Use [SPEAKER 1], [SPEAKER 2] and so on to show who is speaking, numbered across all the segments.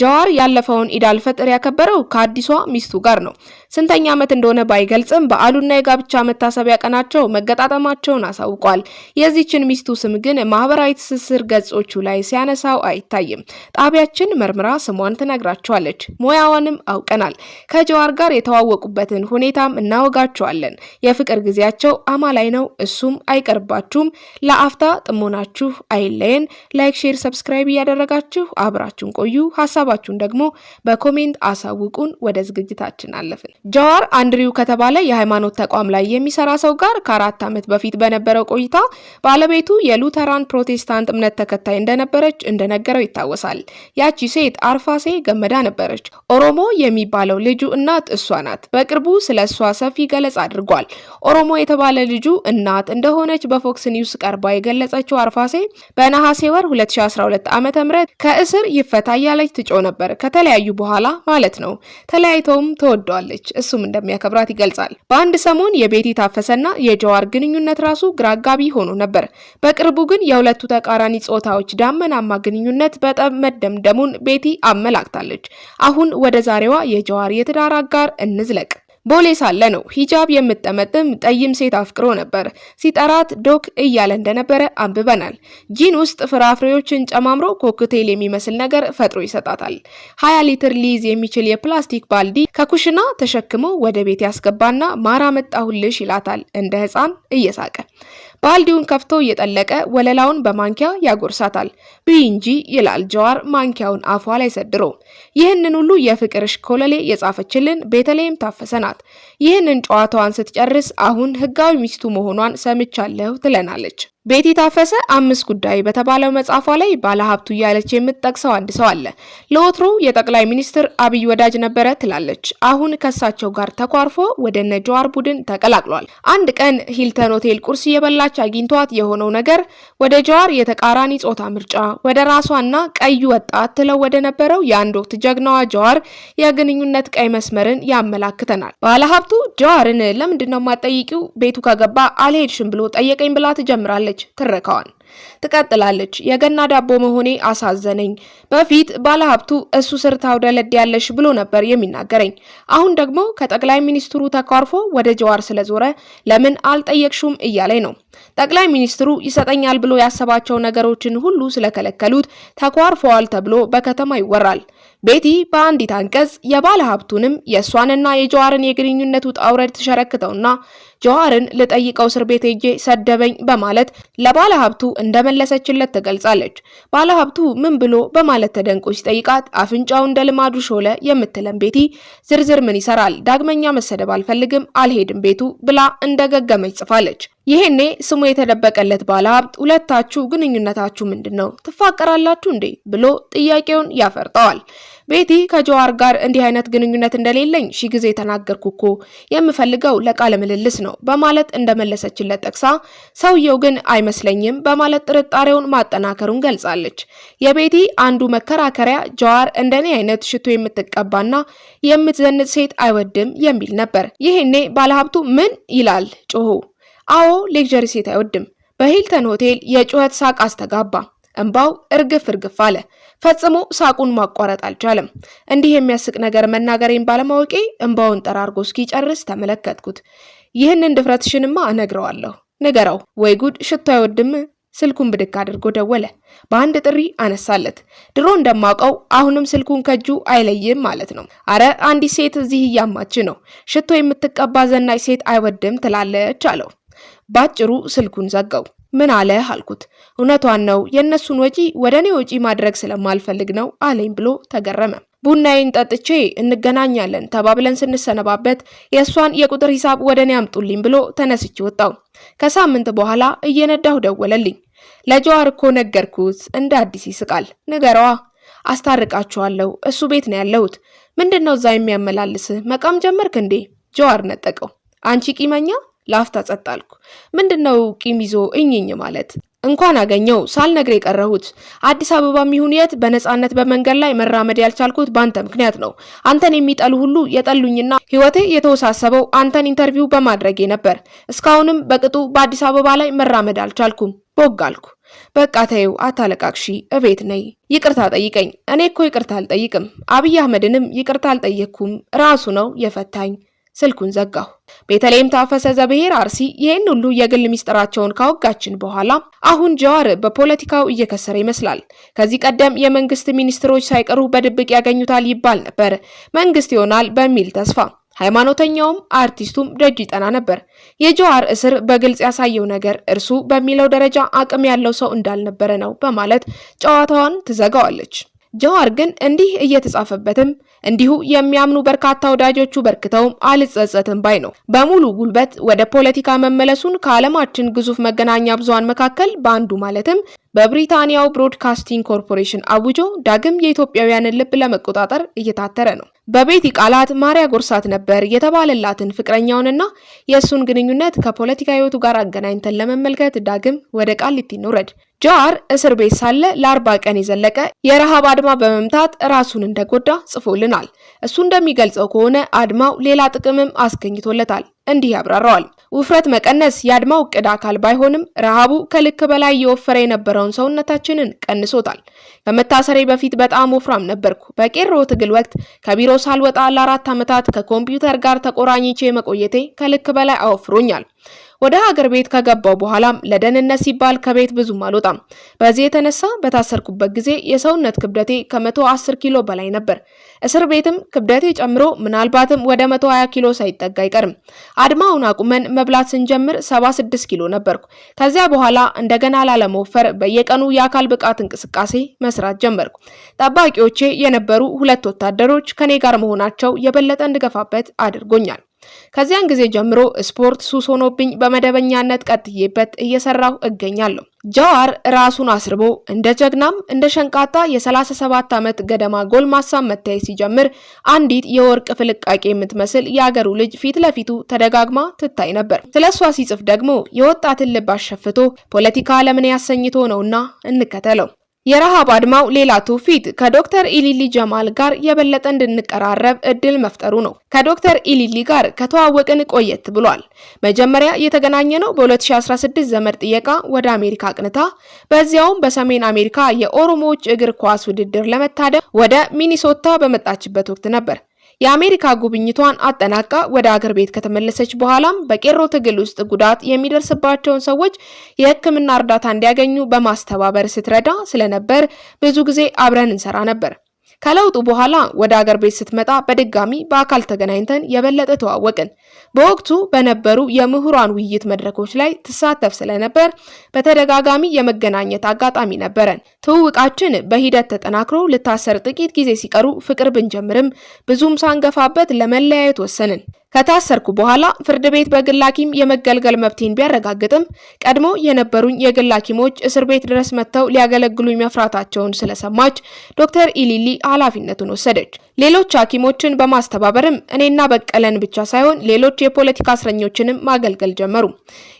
[SPEAKER 1] ጀዋር ያለፈውን ኢዳል ፈጥር ያከበረው ከአዲሷ ሚስቱ ጋር ነው። ስንተኛ ዓመት እንደሆነ ባይገልጽም በዓሉና የጋብቻ መታሰቢያ ቀናቸው መገጣጠማቸውን አሳውቋል። የዚችን ሚስቱ ስም ግን ማህበራዊ ትስስር ገጾቹ ላይ ሲያነሳው አይታይም። ጣቢያችን መርምራ ስሟን ትነግራቸዋለች። ሙያዋንም አውቀናል። ከጀዋር ጋር የተዋወቁበትን ሁኔታም እናወጋቸዋለን። የፍቅር ጊዜያቸው አማላይ ነው። እሱም አይቀርባችሁም። ለአፍታ ጥሞናችሁ አይለየን። ላይክ፣ ሼር፣ ሰብስክራይብ እያደረጋችሁ አብራችሁን ቆዩ ሀሳብ ሀሳባችሁን ደግሞ በኮሜንት አሳውቁን። ወደ ዝግጅታችን አለፍን። ጀዋር አንድሪው ከተባለ የሃይማኖት ተቋም ላይ የሚሰራ ሰው ጋር ከአራት ዓመት በፊት በነበረው ቆይታ ባለቤቱ የሉተራን ፕሮቴስታንት እምነት ተከታይ እንደነበረች እንደነገረው ይታወሳል። ያቺ ሴት አርፋሴ ገመዳ ነበረች። ኦሮሞ የሚባለው ልጁ እናት እሷ ናት። በቅርቡ ስለ እሷ ሰፊ ገለጻ አድርጓል። ኦሮሞ የተባለ ልጁ እናት እንደሆነች በፎክስ ኒውስ ቀርባ የገለጸችው አርፋሴ በነሐሴ ወር 2012 ዓ ም ከእስር ይፈታ እያለች ተጋፍጠው ነበር ከተለያዩ በኋላ ማለት ነው። ተለያይተውም ተወደዋለች፣ እሱም እንደሚያከብራት ይገልጻል። በአንድ ሰሞን የቤቲ ታፈሰና የጀዋር ግንኙነት ራሱ ግራጋቢ ሆኖ ነበር። በቅርቡ ግን የሁለቱ ተቃራኒ ጾታዎች ዳመናማ ግንኙነት በጠብ መደምደሙን ቤቲ አመላክታለች። አሁን ወደ ዛሬዋ የጀዋር የትዳር አጋር እንዝለቅ። ቦሌ ሳለ ነው ሂጃብ የምጠመጥም ጠይም ሴት አፍቅሮ ነበር። ሲጠራት ዶክ እያለ እንደነበረ አንብበናል። ጂን ውስጥ ፍራፍሬዎችን ጨማምሮ ኮክቴል የሚመስል ነገር ፈጥሮ ይሰጣታል። ሀያ ሊትር ሊይዝ የሚችል የፕላስቲክ ባልዲ ከኩሽና ተሸክሞ ወደ ቤት ያስገባና ማር አመጣሁልሽ ይላታል እንደ ሕፃን እየሳቀ ባልዲውን ከፍቶ እየጠለቀ ወለላውን በማንኪያ ያጎርሳታል። ብይ እንጂ ይላል ጀዋር ማንኪያውን አፏ ላይ ሰድሮ። ይህንን ሁሉ የፍቅርሽ ኮለሌ የጻፈችልን ቤተልሔም ታፈሰ ናት። ይህንን ጨዋታዋን ስትጨርስ አሁን ህጋዊ ሚስቱ መሆኗን ሰምቻለሁ ትለናለች። ቤት የታፈሰ አምስት ጉዳይ በተባለው መጽሐፏ ላይ ባለሀብቱ እያለች የምትጠቅሰው አንድ ሰው አለ። ለወትሮ የጠቅላይ ሚኒስትር አብይ ወዳጅ ነበረ ትላለች። አሁን ከሳቸው ጋር ተኳርፎ ወደ እነ ጀዋር ቡድን ተቀላቅሏል። አንድ ቀን ሂልተን ሆቴል ቁርስ እየበላች አግኝቷት የሆነው ነገር ወደ ጀዋር የተቃራኒ ጾታ ምርጫ፣ ወደ ራሷና ቀዩ ወጣት ትለው ወደ ነበረው የአንድ ወቅት ጀግናዋ ጀዋር የግንኙነት ቀይ መስመርን ያመላክተናል። ባለሀብቱ ጀዋርን ለምንድነው የማጠይቂው ቤቱ ከገባ አልሄድሽም ብሎ ጠየቀኝ ብላ ትጀምራለች። ትላለች ትረካዋል። ትቀጥላለች። የገና ዳቦ መሆኔ አሳዘነኝ። በፊት ባለሀብቱ እሱ ስር ታውደለድ ያለሽ ብሎ ነበር የሚናገረኝ። አሁን ደግሞ ከጠቅላይ ሚኒስትሩ ተኳርፎ ወደ ጀዋር ስለዞረ ለምን አልጠየቅሹም እያለኝ ነው። ጠቅላይ ሚኒስትሩ ይሰጠኛል ብሎ ያሰባቸው ነገሮችን ሁሉ ስለከለከሉት ተኳርፈዋል ተብሎ በከተማ ይወራል። ቤቲ በአንዲት አንቀጽ የባለ ሀብቱንም የእሷንና የጀዋርን የግንኙነት ውጣ ውረድ ተሸረክተውና ጀዋርን ልጠይቀው እስር ቤት ሄጄ ሰደበኝ በማለት ለባለ ሀብቱ እንደመለሰችለት ትገልጻለች። ባለ ሀብቱ ምን ብሎ በማለት ተደንቆ ሲጠይቃት አፍንጫው እንደ ልማዱ ሾለ የምትለን ቤቲ ዝርዝር ምን ይሰራል ዳግመኛ መሰደብ አልፈልግም አልሄድም ቤቱ ብላ እንደገገመች ጽፋለች። ይሄኔ ስሙ የተደበቀለት ባለሀብት ሁለታችሁ ግንኙነታችሁ ምንድን ነው? ትፋቀራላችሁ እንዴ? ብሎ ጥያቄውን ያፈርጠዋል። ቤቲ ከጀዋር ጋር እንዲህ አይነት ግንኙነት እንደሌለኝ ሺ ጊዜ ተናገርኩ እኮ የምፈልገው ለቃለ ምልልስ ነው በማለት እንደመለሰችለት ጠቅሳ፣ ሰውየው ግን አይመስለኝም በማለት ጥርጣሬውን ማጠናከሩን ገልጻለች። የቤቲ አንዱ መከራከሪያ ጀዋር እንደኔ አይነት ሽቶ የምትቀባና የምትዘንጥ ሴት አይወድም የሚል ነበር። ይሄኔ ባለሀብቱ ምን ይላል ጮሁ አዎ ሌክዠሪ ሴት አይወድም። በሂልተን ሆቴል የጩኸት ሳቅ አስተጋባ። እንባው እርግፍ እርግፍ አለ። ፈጽሞ ሳቁን ማቋረጥ አልቻለም። እንዲህ የሚያስቅ ነገር መናገሬን ባለማወቄ እንባውን ጠራርጎ እስኪጨርስ ተመለከትኩት። ይህንን ድፍረትሽንማ እነግረዋለሁ። ንገረው ወይ ጉድ፣ ሽቶ አይወድም። ስልኩን ብድግ አድርጎ ደወለ። በአንድ ጥሪ አነሳለት። ድሮ እንደማውቀው አሁንም ስልኩን ከእጁ አይለይም ማለት ነው። አረ አንዲት ሴት እዚህ እያማች ነው። ሽቶ የምትቀባ ዘናጭ ሴት አይወድም ትላለች አለው። ባጭሩ ስልኩን ዘጋው። ምን አለ አልኩት። እውነቷን ነው የእነሱን ወጪ ወደ እኔ ወጪ ማድረግ ስለማልፈልግ ነው አለኝ ብሎ ተገረመ። ቡናዬን ጠጥቼ እንገናኛለን ተባብለን ስንሰነባበት የእሷን የቁጥር ሂሳብ ወደ እኔ አምጡልኝ ብሎ ተነስቼ ወጣው። ከሳምንት በኋላ እየነዳሁ ደወለልኝ። ለጀዋር እኮ ነገርኩት። እንደ አዲስ ይስቃል። ንገረዋ አስታርቃችኋለሁ። እሱ ቤት ነው ያለሁት። ምንድን ነው እዛ የሚያመላልስህ? መቃም ጀመርክ እንዴ? ጀዋር ነጠቀው። አንቺ ቂመኛ ለአፍታ ጸጥ አልኩ። ምንድን ነው ቂም ይዞ እኝኝ ማለት? እንኳን አገኘው ሳልነግር የቀረሁት አዲስ አበባ የሚሆን የት በነጻነት በመንገድ ላይ መራመድ ያልቻልኩት በአንተ ምክንያት ነው። አንተን የሚጠሉ ሁሉ የጠሉኝና ህይወቴ የተወሳሰበው አንተን ኢንተርቪው በማድረጌ ነበር። እስካሁንም በቅጡ በአዲስ አበባ ላይ መራመድ አልቻልኩም። ቦግ አልኩ። በቃ ተይው፣ አታለቃቅሺ፣ እቤት ነይ፣ ይቅርታ ጠይቀኝ። እኔ እኮ ይቅርታ አልጠይቅም። አብይ አህመድንም ይቅርታ አልጠየቅኩም። ራሱ ነው የፈታኝ። ስልኩን ዘጋሁ። ቤተልሔም ታፈሰ ዘብሔር አርሲ ይህን ሁሉ የግል ምስጢራቸውን ካወጋችን በኋላ አሁን ጀዋር በፖለቲካው እየከሰረ ይመስላል። ከዚህ ቀደም የመንግስት ሚኒስትሮች ሳይቀሩ በድብቅ ያገኙታል ይባል ነበር። መንግስት ይሆናል በሚል ተስፋ ሃይማኖተኛውም አርቲስቱም ደጅ ይጠና ነበር። የጀዋር እስር በግልጽ ያሳየው ነገር እርሱ በሚለው ደረጃ አቅም ያለው ሰው እንዳልነበረ ነው በማለት ጨዋታዋን ትዘጋዋለች። ጀዋር ግን እንዲህ እየተጻፈበትም እንዲሁ የሚያምኑ በርካታ ወዳጆቹ በርክተውም አልጸጸትም ባይ ነው። በሙሉ ጉልበት ወደ ፖለቲካ መመለሱን ከዓለማችን ግዙፍ መገናኛ ብዙሃን መካከል በአንዱ ማለትም በብሪታንያው ብሮድካስቲንግ ኮርፖሬሽን አውጆ ዳግም የኢትዮጵያውያንን ልብ ለመቆጣጠር እየታተረ ነው። በቤቲ ቃላት ማሪያ ጎርሳት ነበር የተባለላትን ፍቅረኛውንና የእሱን ግንኙነት ከፖለቲካ ህይወቱ ጋር አገናኝተን ለመመልከት ዳግም ወደ ቃሊቲ እንውረድ። ጃዋር እስር ቤት ሳለ ለአርባ ቀን የዘለቀ የረሃብ አድማ በመምታት ራሱን እንደጎዳ ጽፎልናል። እሱ እንደሚገልጸው ከሆነ አድማው ሌላ ጥቅምም አስገኝቶለታል። እንዲህ ያብራራዋል። ውፍረት መቀነስ የአድማው እቅድ አካል ባይሆንም ረሃቡ ከልክ በላይ የወፈረ የነበረውን ሰውነታችንን ቀንሶታል። ከመታሰሬ በፊት በጣም ወፍራም ነበርኩ። በቄሮ ትግል ወቅት ከቢሮ ሳልወጣ ለአራት ዓመታት ከኮምፒውተር ጋር ተቆራኝቼ መቆየቴ ከልክ በላይ አወፍሮኛል። ወደ ሀገር ቤት ከገባው በኋላም ለደህንነት ሲባል ከቤት ብዙም አልወጣም። በዚህ የተነሳ በታሰርኩበት ጊዜ የሰውነት ክብደቴ ከመቶ አስር ኪሎ በላይ ነበር። እስር ቤትም ክብደቴ ጨምሮ ምናልባትም ወደ 120 ኪሎ ሳይጠጋ አይቀርም። አድማውን አቁመን መብላት ስንጀምር 76 ኪሎ ነበርኩ። ከዚያ በኋላ እንደገና ላለመወፈር በየቀኑ የአካል ብቃት እንቅስቃሴ መስራት ጀመርኩ። ጠባቂዎቼ የነበሩ ሁለት ወታደሮች ከኔ ጋር መሆናቸው የበለጠ እንድገፋበት አድርጎኛል። ከዚያን ጊዜ ጀምሮ ስፖርት ሱስ ሆኖብኝ በመደበኛነት ቀጥዬበት እየሰራሁ እገኛለሁ። ጃዋር ራሱን አስርቦ እንደ ጀግናም እንደ ሸንቃጣ የ37 ዓመት ገደማ ጎልማሳ መታየት ሲጀምር አንዲት የወርቅ ፍልቃቄ የምትመስል የአገሩ ልጅ ፊት ለፊቱ ተደጋግማ ትታይ ነበር። ስለ እሷ ሲጽፍ ደግሞ የወጣትን ልብ አሸፍቶ ፖለቲካ ለምን ያሰኝቶ ነውና እንከተለው። የረሃብ አድማው ሌላ ትውፊት ከዶክተር ኢሊሊ ጀማል ጋር የበለጠ እንድንቀራረብ እድል መፍጠሩ ነው። ከዶክተር ኢሊሊ ጋር ከተዋወቅን ቆየት ብሏል። መጀመሪያ የተገናኘ ነው በ2016 ዘመድ ጥየቃ ወደ አሜሪካ አቅንታ በዚያውም በሰሜን አሜሪካ የኦሮሞዎች እግር ኳስ ውድድር ለመታደም ወደ ሚኒሶታ በመጣችበት ወቅት ነበር። የአሜሪካ ጉብኝቷን አጠናቃ ወደ አገር ቤት ከተመለሰች በኋላም በቄሮ ትግል ውስጥ ጉዳት የሚደርስባቸውን ሰዎች የሕክምና እርዳታ እንዲያገኙ በማስተባበር ስትረዳ ስለነበር ብዙ ጊዜ አብረን እንሰራ ነበር። ከለውጡ በኋላ ወደ አገር ቤት ስትመጣ በድጋሚ በአካል ተገናኝተን የበለጠ ተዋወቅን። በወቅቱ በነበሩ የምሁራን ውይይት መድረኮች ላይ ትሳተፍ ስለነበር በተደጋጋሚ የመገናኘት አጋጣሚ ነበረን። ትውውቃችን በሂደት ተጠናክሮ ልታሰር ጥቂት ጊዜ ሲቀሩ ፍቅር ብንጀምርም ብዙም ሳንገፋበት ለመለያየት ወሰንን። ከታሰርኩ በኋላ ፍርድ ቤት በግል ሐኪም የመገልገል መብቴን ቢያረጋግጥም ቀድሞ የነበሩኝ የግል ሐኪሞች እስር ቤት ድረስ መጥተው ሊያገለግሉኝ መፍራታቸውን ስለሰማች ዶክተር ኢሊሊ ኃላፊነቱን ወሰደች። ሌሎች ሐኪሞችን በማስተባበርም እኔና በቀለን ብቻ ሳይሆን ሌሎች የፖለቲካ እስረኞችንም ማገልገል ጀመሩ።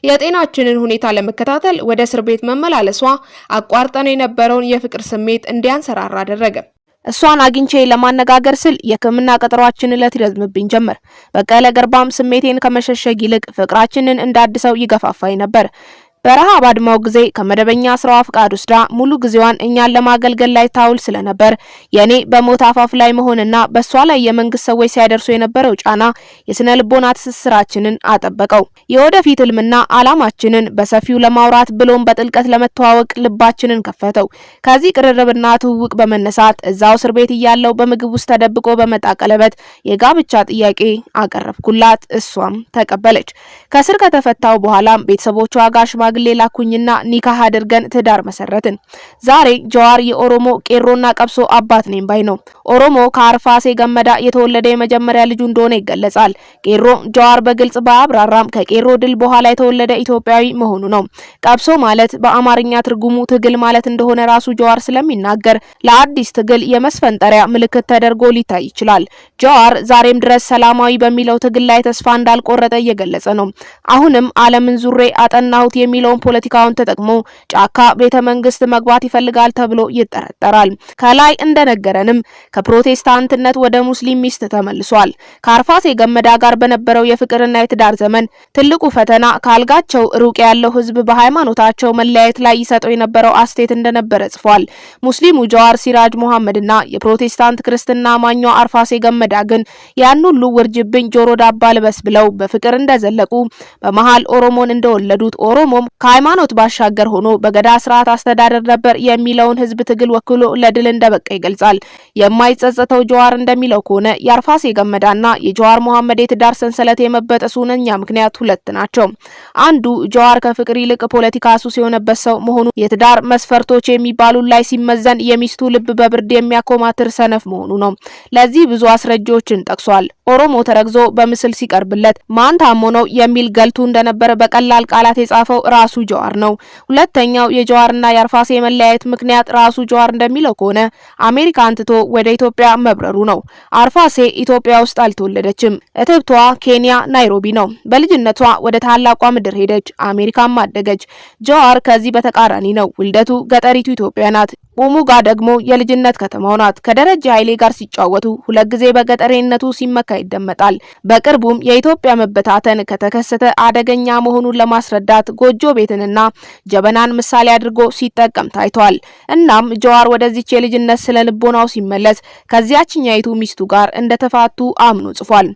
[SPEAKER 1] የጤናችንን ሁኔታ ለመከታተል ወደ እስር ቤት መመላለሷ አቋርጠን የነበረውን የፍቅር ስሜት እንዲያንሰራራ አደረገ። እሷን አግኝቼ ለማነጋገር ስል የሕክምና ቀጠሯችን እለት ይረዝምብኝ ጀመር። በቀለ ገርባም ስሜቴን ከመሸሸግ ይልቅ ፍቅራችንን እንዳድሰው ይገፋፋኝ ነበር። በረሃብ አድማው ጊዜ ከመደበኛ ስራዋ ፍቃድ ውስዳ ሙሉ ጊዜዋን እኛን ለማገልገል ላይ ታውል ስለነበር የኔ በሞት አፋፍ ላይ መሆንና በእሷ ላይ የመንግስት ሰዎች ሲያደርሱ የነበረው ጫና የስነ ልቦና ትስስራችንን አጠበቀው። የወደፊት ህልምና አላማችንን በሰፊው ለማውራት ብሎም በጥልቀት ለመተዋወቅ ልባችንን ከፈተው። ከዚህ ቅርርብና ትውውቅ በመነሳት እዛው እስር ቤት እያለው በምግብ ውስጥ ተደብቆ በመጣ ቀለበት የጋብቻ ጥያቄ አቀረብኩላት። እሷም ተቀበለች። ከስር ከተፈታው በኋላም ቤተሰቦቿ ጋር ሽማ ሽማግሌ ላኩኝና ኒካህ አድርገን ትዳር መሰረትን። ዛሬ ጀዋር የኦሮሞ ቄሮና ቀብሶ አባት ነኝ ባይ ነው። ኦሮሞ ከአርፋሴ ገመዳ የተወለደ የመጀመሪያ ልጁ እንደሆነ ይገለጻል። ቄሮ ጀዋር በግልጽ በአብራራም ከቄሮ ድል በኋላ የተወለደ ኢትዮጵያዊ መሆኑ ነው። ቀብሶ ማለት በአማርኛ ትርጉሙ ትግል ማለት እንደሆነ ራሱ ጀዋር ስለሚናገር ለአዲስ ትግል የመስፈንጠሪያ ምልክት ተደርጎ ሊታይ ይችላል። ጀዋር ዛሬም ድረስ ሰላማዊ በሚለው ትግል ላይ ተስፋ እንዳልቆረጠ እየገለጸ ነው። አሁንም ዓለምን ዙሬ አጠናሁት የሚል የሚለውን ፖለቲካውን ተጠቅሞ ጫካ ቤተ መንግስት መግባት ይፈልጋል ተብሎ ይጠረጠራል። ከላይ እንደነገረንም ከፕሮቴስታንትነት ወደ ሙስሊም ሚስት ተመልሷል። ከአርፋሴ ገመዳ ጋር በነበረው የፍቅርና የትዳር ዘመን ትልቁ ፈተና ካልጋቸው ሩቅ ያለው ህዝብ በሃይማኖታቸው መለያየት ላይ ይሰጠው የነበረው አስቴት እንደነበረ ጽፏል። ሙስሊሙ ጀዋር ሲራጅ መሐመድና የፕሮቴስታንት ክርስትና ማኛ አርፋሴ ገመዳ ግን ያን ሁሉ ውርጅብኝ ጆሮ ዳባ ልበስ ብለው በፍቅር እንደዘለቁ በመሃል ኦሮሞን እንደወለዱት ኦሮሞም ከሃይማኖት ባሻገር ሆኖ በገዳ ስርዓት አስተዳደር ነበር የሚለውን ህዝብ ትግል ወክሎ ለድል እንደበቃ ይገልጻል። የማይጸጸተው ጀዋር እንደሚለው ከሆነ የአርፋሴ ገመዳና የጀዋር መሐመድ የትዳር ሰንሰለት የመበጠሱ ዋነኛ ምክንያት ሁለት ናቸው። አንዱ ጀዋር ከፍቅር ይልቅ ፖለቲካ ሱስ የሆነበት ሰው መሆኑ፣ የትዳር መስፈርቶች የሚባሉ ላይ ሲመዘን የሚስቱ ልብ በብርድ የሚያኮማትር ሰነፍ መሆኑ ነው። ለዚህ ብዙ አስረጃዎችን ጠቅሷል። ኦሮሞ ተረግዞ በምስል ሲቀርብለት ማን ታሞ ነው የሚል ገልቱ እንደነበር በቀላል ቃላት የጻፈው ራሱ ጀዋር ነው። ሁለተኛው የጀዋርና የአርፋሴ መለያየት ምክንያት ራሱ ጀዋር እንደሚለው ከሆነ አሜሪካን ትቶ ወደ ኢትዮጵያ መብረሩ ነው። አርፋሴ ኢትዮጵያ ውስጥ አልተወለደችም። እትብቷ ኬንያ ናይሮቢ ነው። በልጅነቷ ወደ ታላቋ ምድር ሄደች፣ አሜሪካም አደገች። ጀዋር ከዚህ በተቃራኒ ነው። ውልደቱ ገጠሪቱ ኢትዮጵያ ናት። ቡሙጋ ደግሞ የልጅነት ከተማው ናት። ከደረጀ ኃይሌ ጋር ሲጫወቱ ሁለት ጊዜ በገጠሬነቱ ሲመካ ይደመጣል። በቅርቡም የኢትዮጵያ መበታተን ከተከሰተ አደገኛ መሆኑን ለማስረዳት ጎጆ ቤትንና ጀበናን ምሳሌ አድርጎ ሲጠቀም ታይቷል። እናም ጀዋር ወደዚች የልጅነት ስለ ልቦናው ሲመለስ ከዚያችኛይቱ ሚስቱ ጋር እንደተፋቱ አምኖ ጽፏል።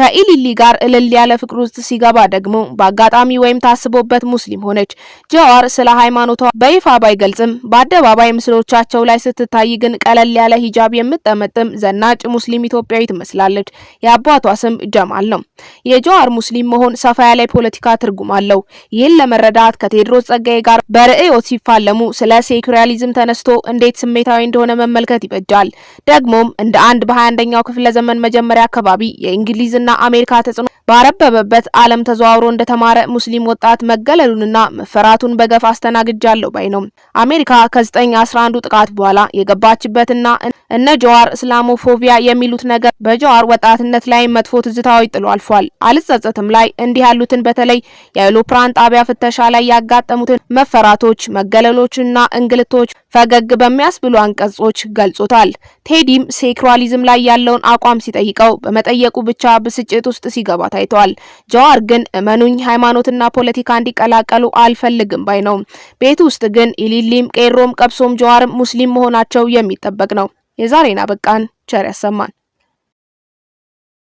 [SPEAKER 1] ከኢሊሊ ጋር እልል ያለ ፍቅር ውስጥ ሲገባ ደግሞ በአጋጣሚ ወይም ታስቦበት ሙስሊም ሆነች። ጀዋር ስለ ሃይማኖቷ በይፋ ባይገልጽም በአደባባይ ምስሎ ቻቸው ላይ ስትታይ ግን ቀለል ያለ ሂጃብ የምጠመጥም ዘናጭ ሙስሊም ኢትዮጵያዊ ትመስላለች። የአባቷ ስም ጀማል ነው። የጀዋር ሙስሊም መሆን ሰፋ ያለ ፖለቲካ ትርጉም አለው። ይህን ለመረዳት ከቴድሮስ ጸጋዬ ጋር በርዕዮት ሲፋለሙ ስለ ሴኩሪያሊዝም ተነስቶ እንዴት ስሜታዊ እንደሆነ መመልከት ይበጃል። ደግሞም እንደ አንድ በ21ኛው ክፍለ ዘመን መጀመሪያ አካባቢ የእንግሊዝና አሜሪካ ተጽዕኖ ባረበበበት ዓለም ተዘዋውሮ እንደተማረ ሙስሊም ወጣት መገለሉንና መፈራቱን በገፍ አስተናግጃለሁ ባይ ነው። አሜሪካ ከ911 ከአንዱ ጥቃት በኋላ የገባችበትና እነ ጀዋር እስላሞፎቢያ የሚሉት ነገር በጀዋር ወጣትነት ላይ መጥፎ ትዝታዎች ጥሎ አልፏል። አልጸጸትም ላይ እንዲህ ያሉትን በተለይ የአውሮፕላን ጣቢያ ፍተሻ ላይ ያጋጠሙትን መፈራቶች፣ መገለሎችና እንግልቶች ፈገግ በሚያስብሉ አንቀጾች ገልጾታል። ቴዲም ሴክሯሊዝም ላይ ያለውን አቋም ሲጠይቀው በመጠየቁ ብቻ ብስጭት ውስጥ ሲገባ ታይተዋል። ጀዋር ግን እመኑኝ ሃይማኖትና ፖለቲካ እንዲቀላቀሉ አልፈልግም ባይ ነው። ቤት ውስጥ ግን ኢሊሊም ቄሮም ቀብሶም ጀዋር አንጻር ሙስሊም መሆናቸው የሚጠበቅ ነው። የዛሬን አበቃን። ቸር ያሰማን።